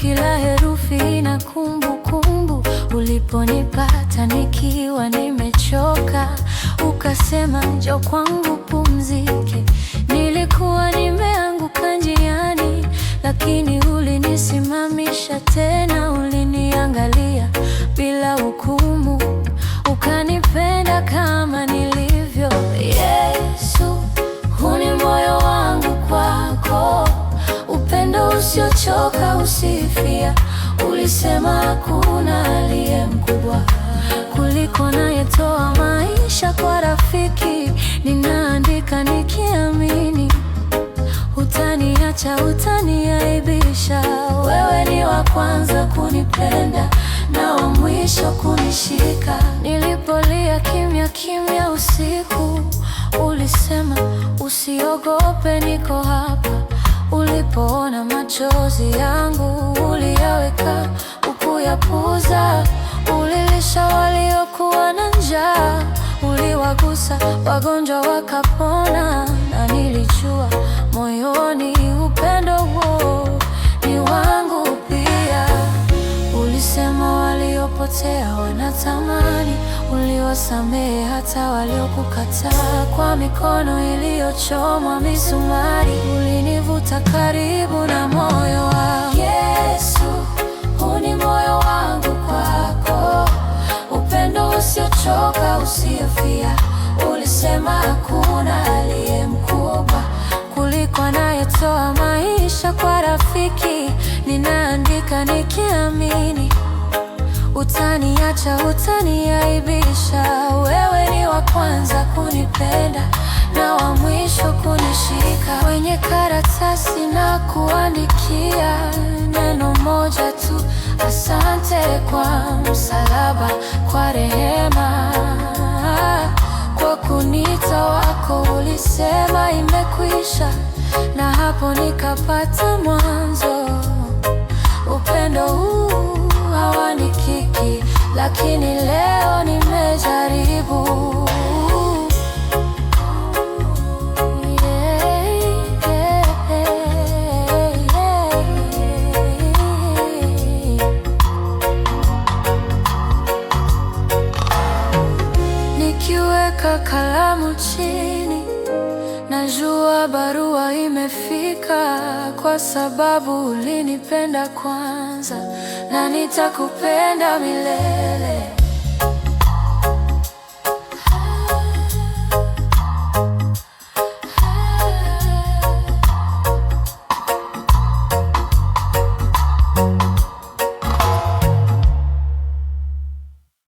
kila herufi na kumbukumbu. Uliponipata nikiwa nimechoka, ukasema njoo kwangu usiochoka usifia. Ulisema hakuna aliye mkubwa kuliko nayetoa maisha kwa rafiki. Ninaandika nikiamini utaniacha, utaniaibisha. Wewe ni wa kwanza kunipenda na wa mwisho kunishika. Nilipolia kimya kimya usiku, ulisema usiogope, niko machozi yangu uliyoweka ukuyapuza. Ulilisha waliokuwa na njaa, uliwagusa wagonjwa wakapona, na nilijua moyoni hawana wanatamani, uliwasamehe hata waliokukataa. Kwa mikono iliyochomwa misumari, ulinivuta karibu na moyo wangu Yesu, huu ni moyo wangu kwako, upendo usiochoka, usiofia. Ulisema hakuna aliye mkubwa kuliko anayetoa maisha kwa rafiki. Ninaandika nikiamini Utaniacha, utaniaibisha, wewe ni wa kwanza kunipenda na wa mwisho kunishika. Kwenye karatasi na kuandikia neno moja tu, asante kwa msalaba, kwa rehema, kwa kunita wako. Ulisema imekwisha, na hapo nikapata lakini leo nimejaribu nikiweka kalamu chini Najua barua imefika kwa sababu ulinipenda kwanza na nitakupenda milele.